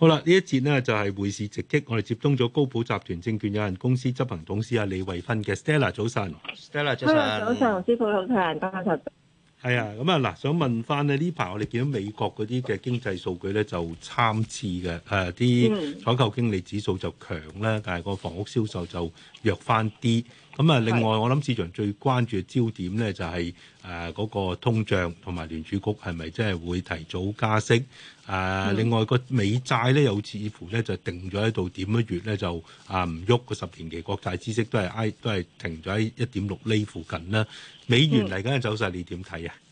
好啦，這一節呢一節呢就係匯市直擊，我哋接通咗高寶集團證券有限公司執行董事阿李慧芬嘅，Stella 早晨，Stella 早晨，師傅好，大家好，係啊，咁啊嗱，想問翻咧呢排我哋見到美國嗰啲嘅經濟數據咧就參差嘅，誒啲採購經理指數就強啦、嗯，但係個房屋銷售就弱翻啲。咁啊，另外我諗市場最關注嘅焦點咧、就是，就係誒嗰個通脹同埋聯儲局係咪真係會提早加息？誒、呃嗯，另外個美債咧又似乎咧就定咗喺度，點一月咧就啊唔喐個十年期國債孳息都係都係停咗喺一點六釐附近啦。美元嚟緊嘅走勢，你點睇啊？嗯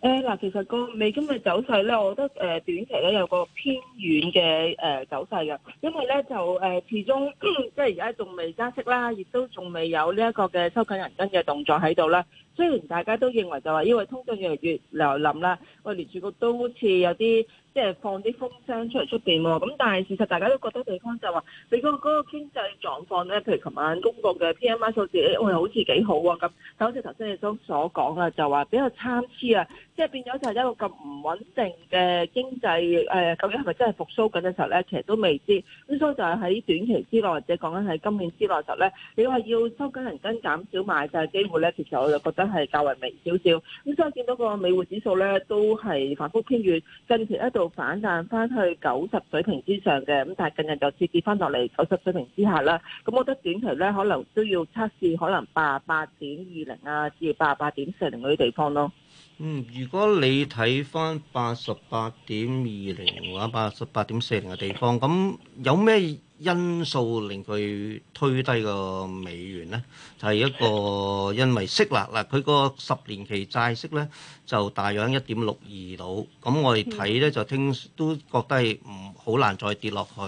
誒、哎、嗱，其實個美金嘅走勢咧，我覺得誒短期咧有個偏軟嘅誒走勢嘅，因為咧就誒、呃、始終、嗯、即係而家仲未加息啦，亦都仲未有呢一個嘅收緊銀根嘅動作喺度啦。雖然大家都認為就話因為通脹越嚟越嚟臨啦，我連住個都好似有啲即係放啲風聲出嚟出邊喎。咁但係事實大家都覺得地方就話你嗰、嗰個嗰、嗰個經濟狀況咧，譬如琴晚公佈嘅 P M I 數字，我、哎哎、好似幾好喎、啊、咁。就好似頭先你都所講啊，就話比較參差啊。即係變咗就係一個咁唔穩定嘅經濟誒、哎，究竟係咪真係復甦緊嘅時候咧？其實都未知。咁所以就係喺短期之內，或者講緊喺今年之內，時候咧，你話要收緊銀根、減少買債嘅機會咧，其實我就覺得係較為微少少。咁所以見到個美匯指數咧，都係反覆偏遠，近期一度反彈翻去九十水平之上嘅，咁但係近日就再次跌翻落嚟九十水平之下啦。咁我覺得短期咧，可能都要測試可能八八點二零啊，至八八點四零嗰啲地方咯。嗯，如果你睇翻八十八點二零或者八十八點四零嘅地方，咁有咩因素令佢推低個美元咧？係、就係、一個因為息率嗱，佢個十年期債息咧就大約一點六二度，咁我哋睇咧就聽都覺得係唔好難再跌落去，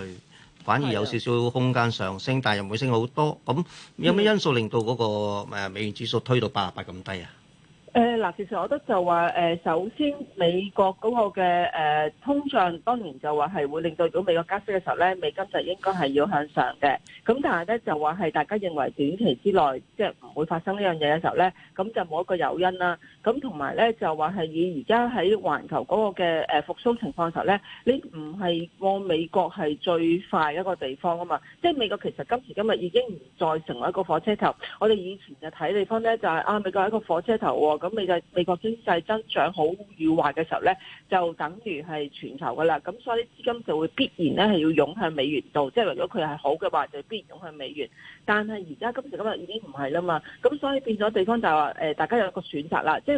反而有少少空間上升，是但係又唔會升好多。咁有咩因素令到嗰、嗰個、嗯、美元指數推到八十八咁低啊？誒、呃、嗱，其實我覺得就話誒，首先美國嗰個嘅誒、呃、通脹，當年就話係會令到如果美國加息嘅時候咧，美金就應該係要向上嘅。咁但係咧就話係大家認為短期之內即係唔會發生呢樣嘢嘅時候咧，咁就冇一個誘因啦。咁同埋咧，就話係以而家喺環球嗰個嘅誒復甦情況時候咧，你唔係過美國係最快一個地方啊嘛。即係美國其實今時今日已經唔再成為一個火車頭。我哋以前就睇地方咧，就係啊美國係一個火車頭喎。咁美國經濟增長好與壞嘅時候咧，就等於係全球噶啦。咁所以資金就會必然咧係要湧向美元度，即係如果佢係好嘅話，就必然湧向美元。但係而家今時今日已經唔係啦嘛。咁所以變咗地方就係話大家有一個選擇啦，即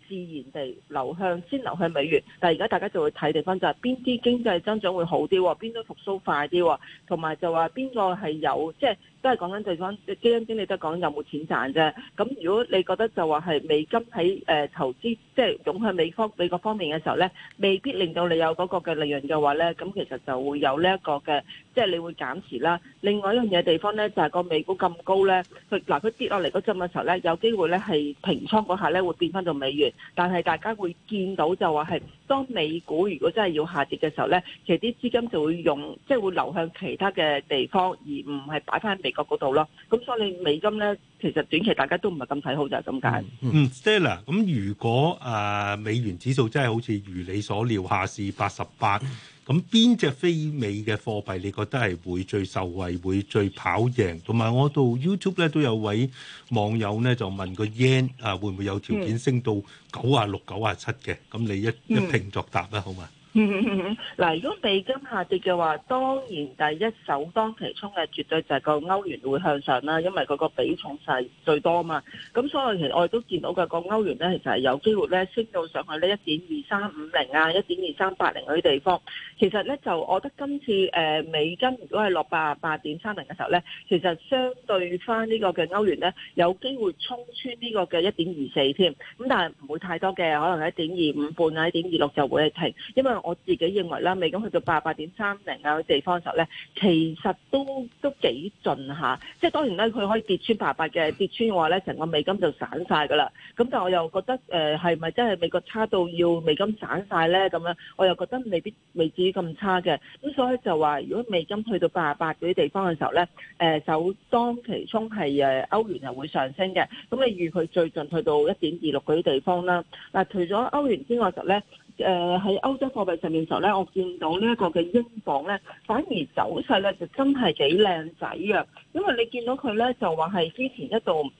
自然地流向先流向美元，但係而家大家就會睇地方，就係邊啲經濟增長會好啲，邊都復蘇快啲，同埋就話邊個係有，即係都係講緊地方。基金經理都講有冇錢賺啫。咁如果你覺得就話係美金喺誒、呃、投資，即係湧向美方美國方面嘅時候咧，未必令到你有嗰個嘅利潤嘅話咧，咁其實就會有呢一個嘅，即係你會減持啦。另外一樣嘢地方咧，就係、是、個美股咁高咧，佢嗱佢跌落嚟嗰陣嘅時候咧，有機會咧係平倉嗰下咧會變翻到美元。但係大家會見到就話係，當美股如果真係要下跌嘅時候咧，其實啲資金就會用，即係會流向其他嘅地方，而唔係擺翻喺美國嗰度咯。咁所以你美金咧，其實短期大家都唔係咁睇好就係咁解。嗯，嗯，Stella，咁如果、呃、美元指數真係好似如你所料下試八十八？咁邊隻非美嘅貨幣你覺得係會最受惠，會最跑贏？同埋我到 YouTube 咧都有位網友咧就問個 yen 啊會唔會有條件升到九啊六、九啊七嘅？咁你一一一拼作答啦，好嘛？嗱， 如果美金下跌嘅話，當然第一首當其衝嘅絕對就係個歐元會向上啦，因為嗰個比重係最多啊嘛。咁所以其實我哋都見到嘅，個歐元咧，其實係有機會咧升到上去呢一點二三五零啊，一點二三八零嗰啲地方。其實咧就我覺得今次誒美金如果係落八八點三零嘅時候咧，其實相對翻呢個嘅歐元咧，有機會衝穿呢個嘅一點二四添。咁但係唔會太多嘅，可能喺一點二五半啊，一點二六就會停，因為。我自己認為啦，美金去到八八點三零啊個地方嘅時候咧，其實都都幾盡下。即係當然咧，佢可以跌穿八八嘅，跌穿嘅話咧，成個美金就散晒㗎啦。咁但係我又覺得誒，係咪真係美國差到要美金散晒咧？咁樣我又覺得未必未至於咁差嘅。咁所以就話，如果美金去到八八嗰啲地方嘅時候咧，誒、呃、首當其衝係誒歐元又會上升嘅。咁你預佢最近去到一點二六嗰啲地方啦。嗱，除咗歐元之外嘅時候咧。誒、呃、喺歐洲貨幣上面嘅時候咧，我見到呢一個嘅英鎊咧，反而走勢咧就真係幾靚仔呀，因為你見到佢咧就話係之前一度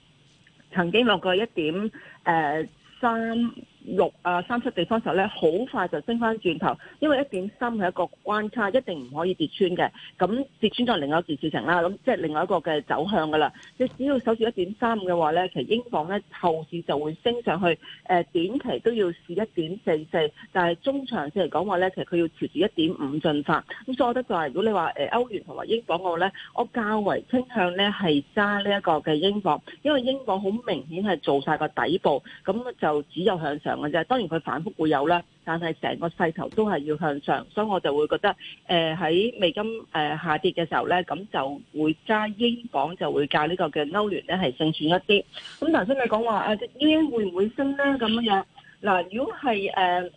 曾經落過一點誒三。六啊三七地方時候咧，好快就升翻轉頭，因為一點三係一個關卡，一定唔可以跌穿嘅。咁跌穿咗另外一件事情啦。咁即係另外一個嘅走向噶啦。你只要守住一點三嘅話咧，其實英鎊咧後市就會升上去。誒、呃、短期都要試一點四四，但係中長線嚟講話咧，其實佢要持住一點五進發。咁所以我覺得就係、是、如果你話誒歐元同埋英鎊我咧，我較為傾向咧係揸呢一個嘅英鎊，因為英鎊好明顯係做晒個底部，咁就只有向上。嘅啫，當然佢反覆會有啦，但係成個勢頭都係要向上，所以我就會覺得，誒、呃、喺美金誒、呃、下跌嘅時候咧，咁就會加英鎊，就會較呢個嘅歐聯咧係勝算一啲。咁頭先你講話啊，隻英鎊會唔會升咧？咁樣嗱，如果係誒、呃，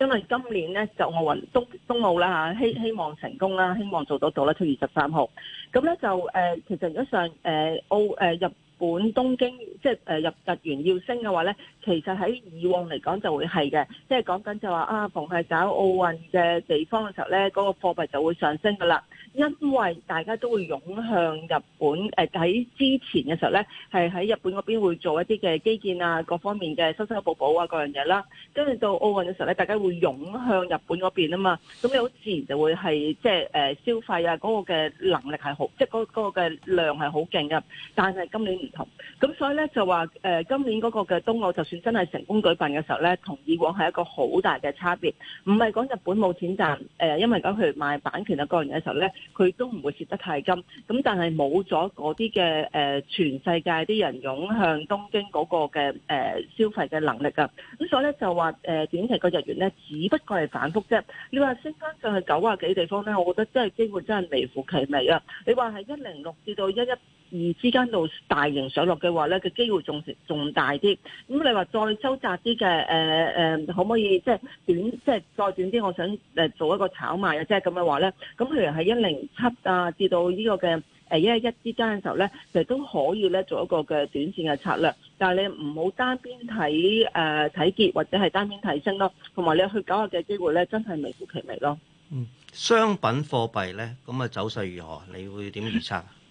因為今年咧就奧運東東奧啦嚇，希、啊、希望成功啦，希望做到到啦，七月十三號，咁咧就誒，其實而家上誒、呃、澳誒、呃、入。本東京即係入日元要升嘅話呢，其實喺以往嚟講就會係嘅，即係講緊就話啊，逢係搞奧運嘅地方嘅時候呢嗰、嗰個貨幣就會上升噶啦。因為大家都會湧向日本，誒、呃、喺之前嘅時候呢，係喺日本嗰邊會做一啲嘅基建啊，各方面嘅修修補補啊，各樣嘢啦。跟住到奧運嘅時候呢，大家會湧向日本嗰邊啊嘛，咁又好自然就會係即係誒、呃、消費啊，嗰、嗰個嘅能力係好，即係嗰、嗰個嘅量係好勁嘅。但係今年唔同，咁所以呢，就話誒今年嗰個嘅冬奧，就算真係成功舉辦嘅時候呢，同以往係一個好大嘅差別，唔係講日本冇錢賺，誒、呃、因為咁佢賣版權啊各樣嘢嘅時候呢。佢都唔會蝕得太金，咁但係冇咗嗰啲嘅誒，全世界啲人湧向東京嗰個嘅誒消費嘅能力啊，咁所以咧就話誒短期個日元咧，只不過係反覆啫。你話升翻上去九啊幾地方咧，我覺得真係機會真係微乎其微啊。你話係一零六至到一一。二之間度大型上落嘅話咧，個機會仲仲大啲。咁你話再收窄啲嘅誒誒，可唔可以即係短即係再短啲？我想誒做一個炒賣嘅，即係咁嘅話咧。咁譬如係一零七啊，至到呢個嘅誒一一一之間嘅時候咧，其實都可以咧做一個嘅短線嘅策略。但係你唔好單邊睇誒睇跌或者係單邊睇升咯，同埋你去九日嘅機會咧，真係微乎其微咯。嗯，商品貨幣咧，咁啊走勢如何？你會點預測？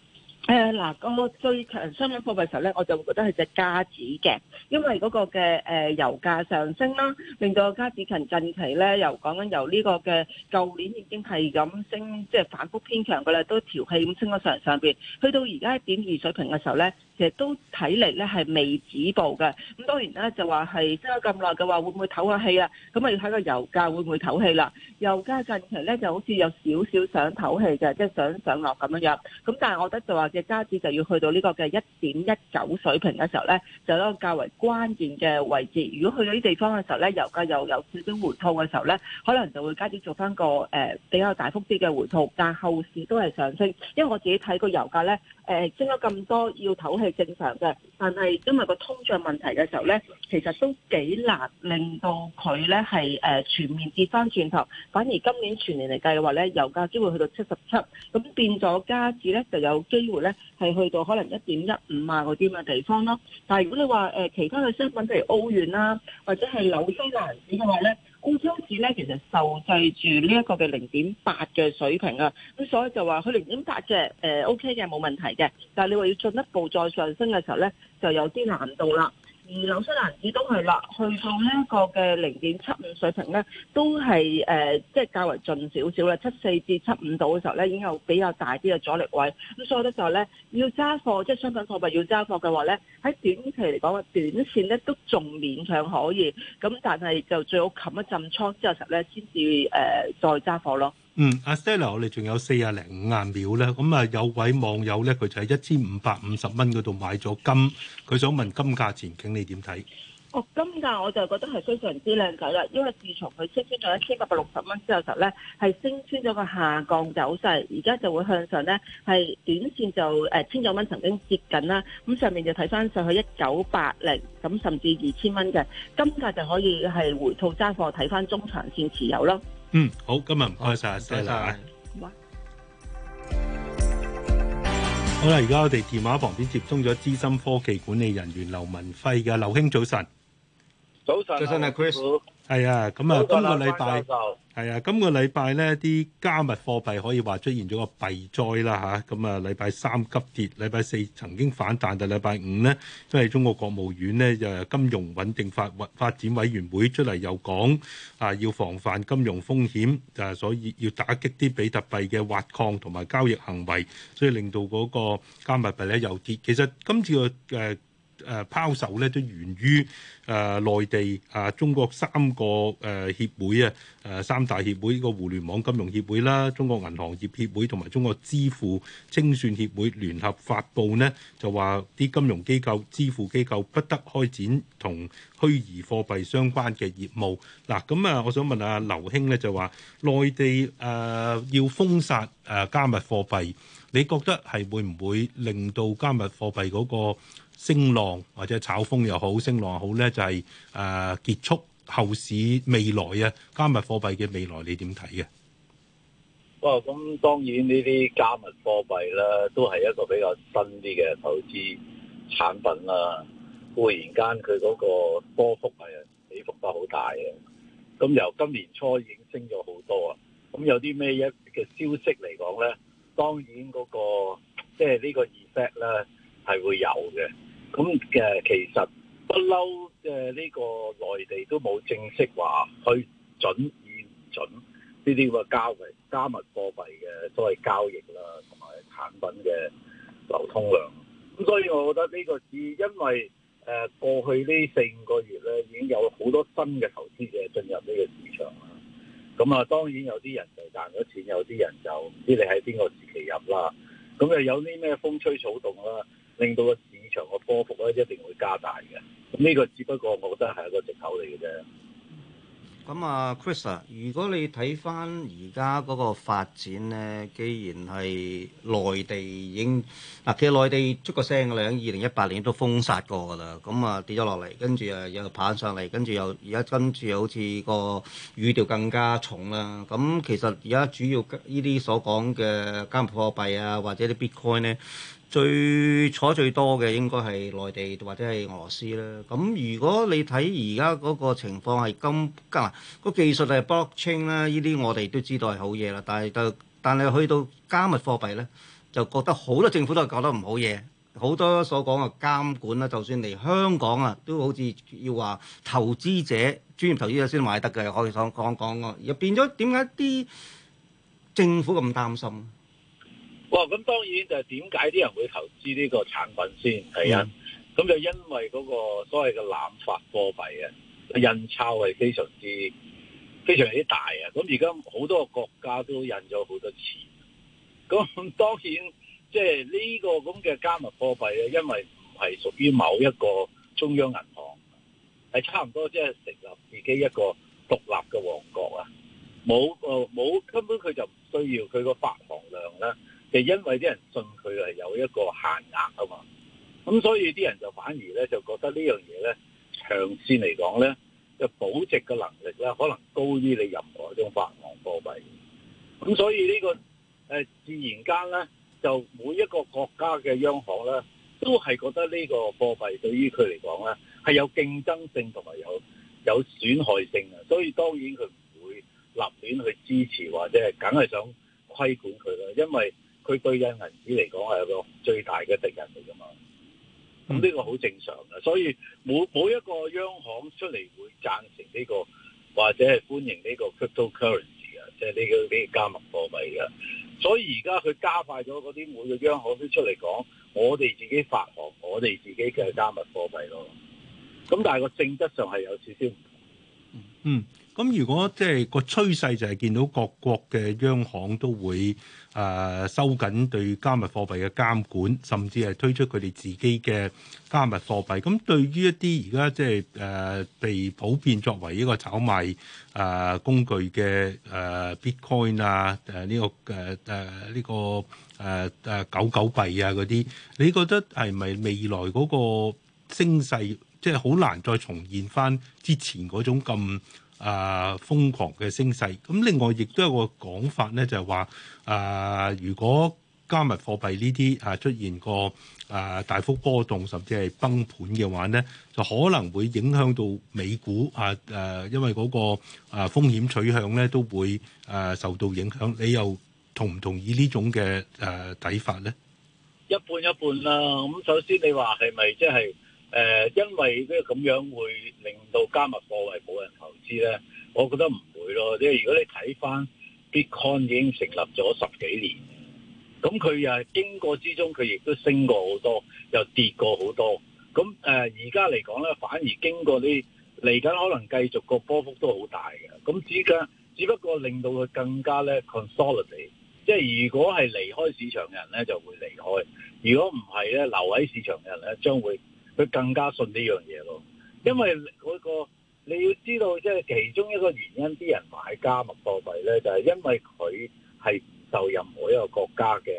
誒、呃，嗱個最強商品貨幣嘅時候咧，我就覺得係隻加紙嘅，因為嗰個嘅誒、呃、油價上升啦，令到加紙近近期咧，又講緊由呢個嘅舊年已經係咁升，即、就、係、是、反復偏強嘅啦，都調氣咁升咗上上邊，去到而家一點二水平嘅時候咧。其實都睇嚟咧係未止步嘅，咁當然咧就話係升咗咁耐嘅話，會唔會唞下氣啊？咁啊要睇個油價會唔會唞氣啦？油價近期咧就好似有少少想唞氣嘅，即係想上落咁樣樣。咁但係我覺得就話嘅加紙就要去到呢個嘅一點一九水平嘅時候咧，就一個較為關鍵嘅位置。如果去到呢地方嘅時候咧，油價又有少少回吐嘅時候咧，可能就會加啲做翻個誒、呃、比較大幅啲嘅回吐，但後市都係上升。因為我自己睇個油價咧，誒、呃、升咗咁多要唞。係正常嘅，但係因為個通脹問題嘅時候咧，其實都幾難令到佢咧係誒全面跌翻轉頭，反而今年全年嚟計嘅話咧，油價機會去到七十七，咁變咗加紙咧就有機會咧係去到可能一點一五啊嗰啲咁嘅地方咯。但係如果你話誒、呃、其他嘅商品，譬如澳元啦、啊，或者係紐西蘭紙嘅話咧。洲市咧，其實受制住呢一個嘅零點八嘅水平啊，咁所以就話佢零點八嘅誒 O K 嘅冇問題嘅，但係你話要進一步再上升嘅時候咧，就有啲難度啦。而紐西蘭紙都係啦，去到呢一個嘅零點七五水平咧，都係誒，即、呃、係、就是、較為盡少少啦。七四至七五度嘅時候咧，已經有比較大啲嘅阻力位。咁所以咧就咧，要揸貨即係、就是、商品貨幣要揸貨嘅話咧，喺短期嚟講，短線咧都仲勉強可以。咁但係就最好冚一陣倉之後時候咧，先至誒再揸貨咯。嗯，阿 Stella，我哋仲有四啊零五啊秒咧，咁啊有位網友咧，佢就喺一千五百五十蚊嗰度買咗金，佢想問金價前景，你點睇？哦，金價我就覺得係非常之靚仔啦，因為自從佢升穿咗一千八百六十蚊之後實咧，係升穿咗個下降走勢，而家就會向上咧，係短線就誒千九蚊曾經接緊啦，咁上面就睇翻上去一九八零，咁甚至二千蚊嘅金價就可以係回吐揸貨睇翻中長線持有咯。嗯，好，今日唔該晒阿 Sir，好啦，而家我哋電話旁邊接通咗資深科技管理人員劉民輝嘅，劉兄早晨，早晨，早晨啊 Chris。係啊，咁啊，今個禮拜係啊，今個禮拜咧啲加密貨幣可以話出現咗個幣災啦嚇，咁啊禮拜三急跌，禮拜四曾經反彈，但係禮拜五咧，因為中國國務院咧就金融穩定發，發展委員會出嚟又講啊要防範金融風險，就係所以要打擊啲比特幣嘅挖礦同埋交易行為，所以令到嗰個加密幣咧又跌。其實今次個誒。誒拋售咧，都源於誒內地啊，中國三個誒協會啊，誒三大協會，個互聯網金融協會啦，中國銀行業協會同埋中國支付清算協會聯合發布呢，就話啲金融機構、支付機構不得開展同虛擬貨幣相關嘅業務。嗱，咁啊，我想問阿劉兄咧，就話內地誒要封殺誒加密貨幣，你覺得係會唔會令到加密貨幣嗰個升浪或者炒風又好，升浪好咧，就係、是、誒、啊、結束後市未來啊，加密貨幣嘅未來你點睇嘅？啊、哦，咁當然呢啲加密貨幣咧，都係一個比較新啲嘅投資產品啦、啊。忽然間佢嗰個波幅係起伏得好大嘅、啊。咁由今年初已經升咗好多啊。咁有啲咩一嘅消息嚟講咧？當然嗰、那個即係、就是、呢個 effect 咧係會有嘅。咁嘅，其實不嬲嘅呢個內地都冇正式話去準以唔準呢啲嘅加密加密貨幣嘅所謂交易啦，同埋產品嘅流通量。咁所以我覺得呢個係，因為誒過去呢四五個月咧，已經有好多新嘅投資者進入呢個市場啦。咁啊，當然有啲人就賺咗錢，有啲人就唔知你喺邊個時期入啦。咁又，有啲咩風吹草動啦，令到嘅。場個波幅咧一定會加大嘅，咁呢個只不過我覺得係一個藉口嚟嘅啫。咁啊，Chris 啊如果你睇翻而家嗰個發展咧，既然係內地已經嗱、啊，其實內地出個聲嘅，二零一八年也都封殺過㗎啦。咁啊跌咗落嚟，跟住啊又爬上嚟，跟住又而家跟住好似個語調更加重啦。咁其實而家主要呢啲所講嘅加密貨幣啊，或者啲 Bitcoin 咧。最坐最多嘅應該係內地或者係俄羅斯啦。咁如果你睇而家嗰個情況，係金加個技術係 blockchain 啦，呢啲我哋都知道係好嘢啦。但係到但係去到加密貨幣咧，就覺得好多政府都係搞得唔好嘢。好多所講嘅監管啦，就算嚟香港啊，都好似要話投資者專業投資者先買得嘅，可以講講講喎。變咗點解啲政府咁擔心？咁、哦、當然就係點解啲人會投資呢個產品先係啊？咁就因為嗰個所謂嘅濫發貨幣、啊、印鈔係非常之非常之大啊！咁而家好多國家都印咗好多錢，咁當然即係呢個咁嘅加密貨幣、啊、因為唔係屬於某一個中央銀行，係差唔多即係成立自己一個獨立嘅王國啊！冇個冇、呃、根本佢就唔需要佢個發行量啦。就因為啲人信佢係有一個限額啊嘛，咁所以啲人就反而咧就覺得這件事呢樣嘢咧長線嚟講咧就保值嘅能力咧可能高於你任何一種發行貨幣，咁所以呢、這個誒自然間咧就每一個國家嘅央行咧都係覺得呢個貨幣對於佢嚟講咧係有競爭性同埋有有損害性嘅，所以當然佢唔會立亂去支持或者係梗係想規管佢咯，因為。佢對印銀紙嚟講係個最大嘅敵人嚟㗎嘛，咁呢個好正常嘅，所以每每一個央行出嚟會贊成呢、這個或者係歡迎呢個 cryptocurrency 啊，即係呢個呢、這個加密貨幣㗎、啊，所以而家佢加快咗嗰啲每個央行都出嚟講，我哋自己發行，我哋自己嘅加密貨幣咯，咁但係個性質上係有少少唔同，嗯。咁如果即係個趨勢就係見到各國嘅央行都會誒、呃、收緊對加密貨幣嘅監管，甚至係推出佢哋自己嘅加密貨幣，咁對於一啲而家即係誒被普遍作為一個炒賣誒、呃、工具嘅誒、呃、Bitcoin 啊，誒呢個誒誒呢個誒誒狗狗幣啊嗰啲、啊啊啊啊啊，你覺得係咪未來嗰個升勢即係好難再重現翻之前嗰種咁？啊！瘋狂嘅升勢，咁另外亦都有個講法咧，就係、是、話啊，如果加密貨幣呢啲啊出現過啊大幅波動，甚至係崩盤嘅話咧，就可能會影響到美股啊誒、啊，因為嗰個啊風險取向咧都會誒受到影響。你又同唔同意這種的法呢種嘅誒睇法咧？一半一半啦、啊。咁首先你話係咪即係誒、呃，因為咧咁樣會令到加密貨幣冇人投資咧，我覺得唔會咯。即係如果你睇翻 Bitcoin 已經成立咗十幾年，咁佢啊經過之中，佢亦都升過好多，又跌過好多。咁誒、呃，而家嚟講咧，反而經過啲嚟緊，來可能繼續個波幅都好大嘅。咁之只，只不過令到佢更加咧 consolidate。即係如果係離開市場嘅人咧，就會離開；如果唔係咧，留喺市場嘅人咧，將會。佢更加信呢樣嘢咯，因為嗰個你要知道，即係其中一個原因，啲人買加密貨幣咧，就係因為佢係唔受任何一個國家嘅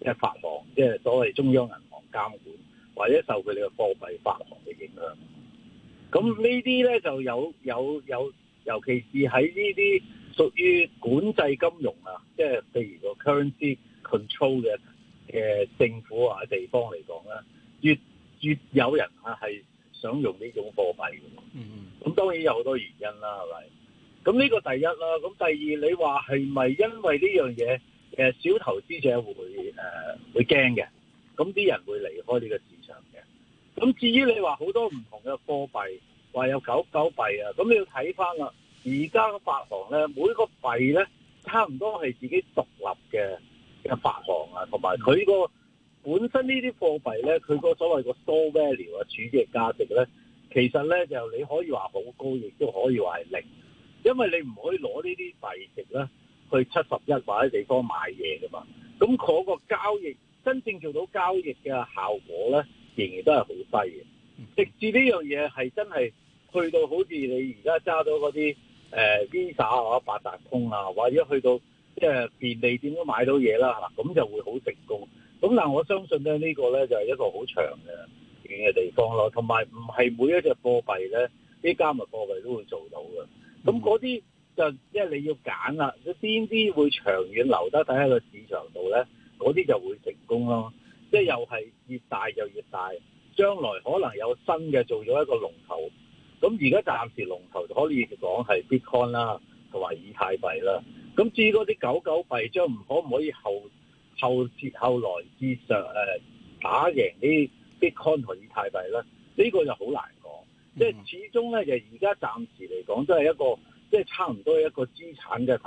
即係發行，即係所謂中央銀行監管，或者受佢哋嘅貨幣發行嘅影響。咁呢啲咧就有有有，尤其是喺呢啲屬於管制金融啊，即係譬如個 currency control 嘅嘅政府啊地方嚟講咧，越越有人啊，係想用呢種貨幣嘅，咁當然有好多原因啦，係咪？咁呢個第一啦，咁第二你話係咪因為呢樣嘢嘅小投資者會誒、呃、會驚嘅，咁啲人會離開呢個市場嘅。咁至於你話好多唔同嘅貨幣話有九九幣啊，咁你要睇翻啦。而家嘅發行咧，每個幣咧差唔多係自己獨立嘅嘅發行啊，同埋佢個。本身呢啲貨幣咧，佢嗰所謂個 store value 啊，儲值價值咧，其實咧就你可以話好高，亦都可以話係零，因為你唔可以攞呢啲幣值咧去七十一或者地方買嘢噶嘛。咁、那、嗰個交易真正做到交易嘅效果咧，仍然都係好低嘅、嗯。直至呢樣嘢係真係去到好似你而家揸到嗰啲誒 Visa 啊、八達通啊，或者去到即係、呃、便利店都買到嘢啦，嚇咁就會好成功。咁嗱，我相信咧呢個咧就係一個好長嘅遠嘅地方咯，同埋唔係每一隻貨幣咧，啲加密貨幣都會做到嘅。咁嗰啲就即係你要揀啦，邊啲會長遠留得喺喺個市場度咧？嗰啲就會成功咯。即係又係越大就越大，將來可能有新嘅做咗一個龍頭。咁而家暫時龍頭就可以講係 Bitcoin 啦，同埋以太幣啦。咁至於嗰啲狗狗幣將唔可唔可以後？後接後來之上誒打贏啲 Bitcoin 和以太幣咧，呢、這個就好難講，即係始終咧就而家暫時嚟講都係一個即係差唔多一個資產嘅，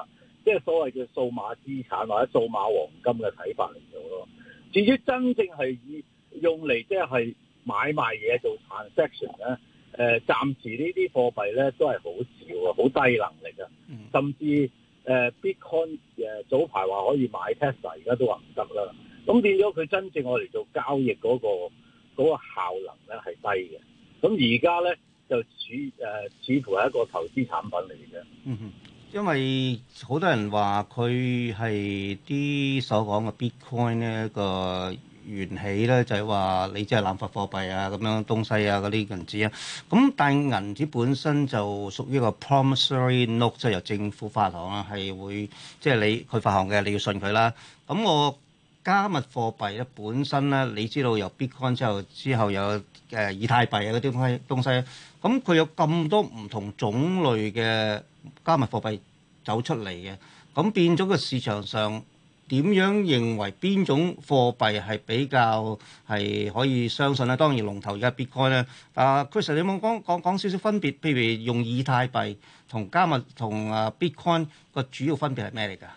即係所謂嘅數碼資產或者數碼黃金嘅睇法嚟做咯。至於真正係以用嚟即係係買賣嘢做 transaction 咧，誒暫時呢啲貨幣咧都係好少啊，好低能力啊，甚至。誒、uh,，Bitcoin 誒、uh,，早排話可以買 Tesla，而家都話唔得啦。咁變咗佢真正我嚟做交易嗰、那個嗰、那個效能咧係低嘅。咁而家咧就似誒，uh, 似乎係一個投資產品嚟嘅。嗯哼，因為好多人話佢係啲所講嘅 Bitcoin 咧個。源起咧就係、是、話你即係濫發貨幣啊咁樣東西啊嗰啲銀紙啊，咁但銀紙本身就屬於一個 promissory note，即係由政府發行啦，係會即係、就是、你佢發行嘅，你要信佢啦。咁我加密貨幣咧本身咧，你知道由 Bitcoin 之後之後有誒、呃、以太幣啊嗰啲東西，咁佢有咁多唔同種類嘅加密貨幣走出嚟嘅，咁變咗個市場上。點樣認為邊種貨幣係比較係可以相信咧？當然龍現在，龍頭而家 Bitcoin 咧，啊 Chris，你有冇講講講少少分別？譬如用以太幣同加密同啊 Bitcoin 個主要分別係咩嚟㗎？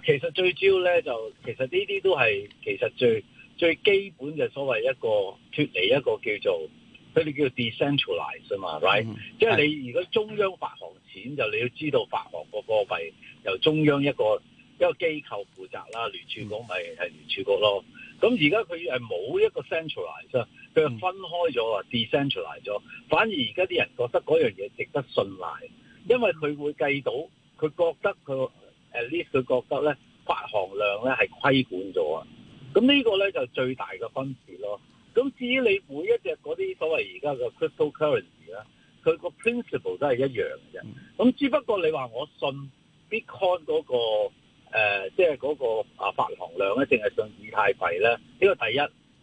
嗱，其實最主要咧就其實呢啲都係其實最最基本嘅所謂一個脱離一個叫做佢哋叫 decentralize 啊嘛，right？、嗯、即係你如果中央發行錢，就你要知道發行個貨幣由中央一個。一個機構負責啦，聯儲局咪係聯儲局咯。咁而家佢係冇一個 centralized 佢係分開咗啊、嗯、decentralize 咗。反而而家啲人覺得嗰樣嘢值得信賴，因為佢會計到，佢覺得佢 at least，佢覺得咧發行量咧係規管咗啊。咁呢個咧就是、最大嘅分別咯。咁至於你每一隻嗰啲所謂而家嘅 cryptocurrency 咧，佢個 principle 都係一樣嘅。咁只不過你話我信 Bitcoin 嗰、那個。誒、呃，即係嗰個啊發行量咧，淨係上以太幣咧？呢個第一，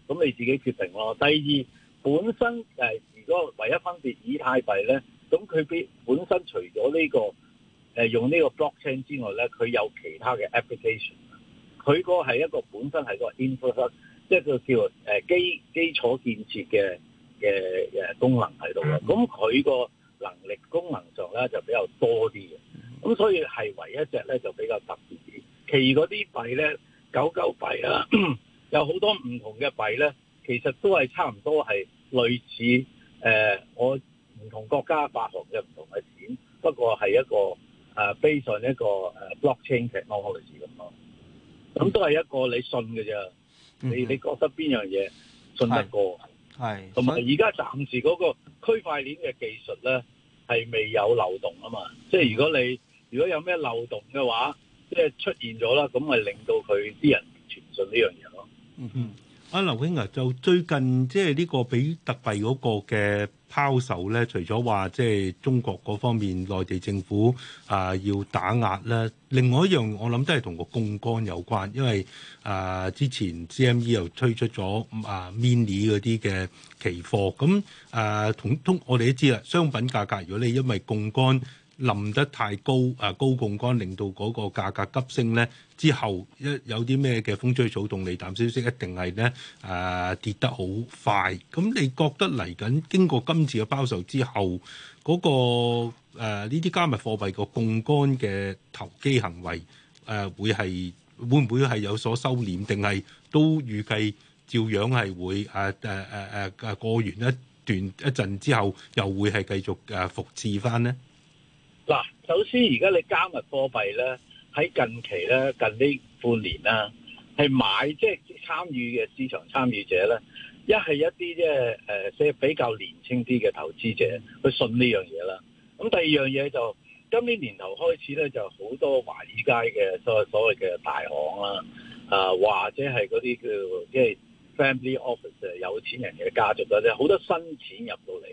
咁你自己決定咯。第二，本身、呃、如果唯一分別以太幣咧，咁、嗯、佢比本身除咗呢、呢個、呃、用呢個 blockchain 之外咧，佢有其他嘅 application。佢個係一個本身係個 infrastructure，即係佢叫誒基基礎建設嘅嘅、呃、功能喺度嘅。咁佢個能力功能上咧就比較多啲嘅。咁、嗯、所以係唯一隻咧就比較特別啲，其餘嗰啲幣咧，狗狗幣啊，有好多唔同嘅幣咧，其實都係差唔多係類似誒、呃，我唔同國家發行嘅唔同嘅錢，不過係一個誒，非、呃、常一個、呃、blockchain technology 咁咯。咁、嗯、都係一個你信嘅啫，你、mm -hmm. 你覺得邊樣嘢信得過？係同埋而家暫時嗰個區塊鏈嘅技術咧，係未有流動啊嘛，mm -hmm. 即係如果你。如果有咩漏洞嘅話，即係出現咗啦，咁咪令到佢啲人傳信呢樣嘢咯。嗯嗯，阿劉兄啊，就最近即係呢個比特幣嗰個嘅拋售咧，除咗話即係中國嗰方面內地政府啊要打壓啦，另外一樣我諗都係同個槓桿有關，因為啊之前 CME 又推出咗啊 mini 嗰啲嘅期貨，咁啊同通我哋都知啦，商品價格如果你因為槓桿。冧得太高啊！高槓桿令到嗰個價格急升咧，之後一有啲咩嘅風吹草動、利淡消息，一定係咧誒跌得好快。咁你覺得嚟緊經過今次嘅拋售之後，嗰個誒呢啲加密貨幣個槓桿嘅投機行為誒會係會唔會係有所收斂，定係都預計照樣係會誒誒誒誒誒過完一段一陣之後，又會係繼續誒復置翻咧？嗱，首先而家你加密貨幣咧，喺近期咧近呢半年啦，係買即係、就是、參與嘅市場參與者咧，一係一啲即係誒些比較年輕啲嘅投資者去信呢樣嘢啦。咁第二樣嘢就今年年頭開始咧，就好多華爾街嘅所所謂嘅大行啦、啊，啊或者係嗰啲叫即係、就是、family office 有錢人嘅家族嗰啲，好多新錢入到嚟。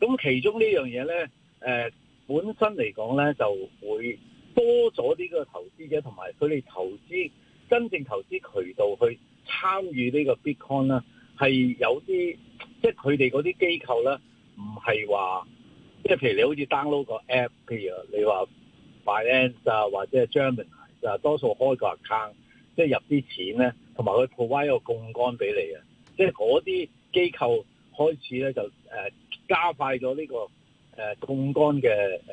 咁其中這件事呢樣嘢咧，誒、呃。本身嚟講咧，就會多咗呢個投資者同埋佢哋投資真正投資渠道去參與呢個 Bitcoin 啦，係有啲即係佢哋嗰啲機構咧，唔係話即係譬如你好似 download 個 app，譬如你話 Binance 啊或者係 German 啊，多數開個 account，即係入啲錢咧，同埋佢 provide 個槓桿俾你啊。即係嗰啲機構開始咧就誒加快咗呢個。誒、呃，槓桿嘅誒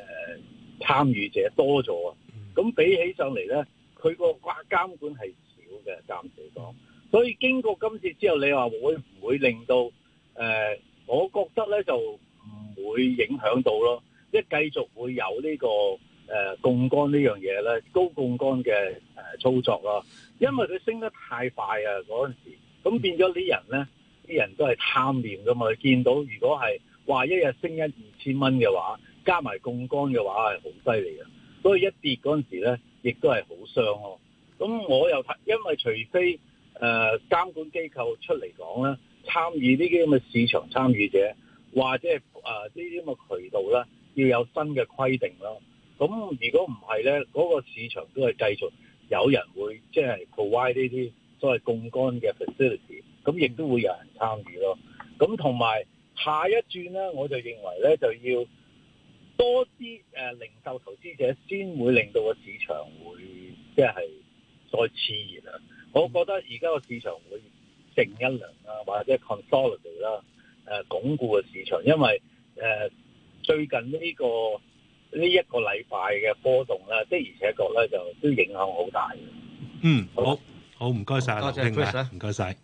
參與者多咗啊，咁比起上嚟呢，佢個掛監管係少嘅，暫時講。所以經過今次之後，你話會唔會令到誒、呃？我覺得呢就唔會影響到咯，即係繼續會有呢、這個誒、呃、槓桿呢樣嘢呢，高槓桿嘅誒、呃、操作咯。因為佢升得太快啊嗰陣時，咁變咗啲人咧，啲人都係貪念噶嘛，見到如果係。話一日升一二千蚊嘅話，加埋槓桿嘅話係好犀利嘅，所以一跌嗰陣時咧，亦都係好傷咯。咁我又睇，因為除非誒、呃、監管機構出嚟講咧，參與呢啲咁嘅市場參與者，或者係誒呢啲咁嘅渠道咧，要有新嘅規定咯。咁如果唔係咧，嗰、那個市場都係繼續有人會即係、就是、provide 呢啲所謂槓桿嘅 facility，咁亦都會有人參與咯。咁同埋。下一轉咧，我就認為咧就要多啲、呃、零售投資者先會令到個市場會即係再熾熱啊！我覺得而家個市場會靜一兩啦，或者 consolidate 啦、呃，鞏固個市場，因為、呃、最近呢個呢一個禮拜嘅波動咧，的而且確咧就都影響好大。嗯，好好，唔該晒。多謝唔該晒。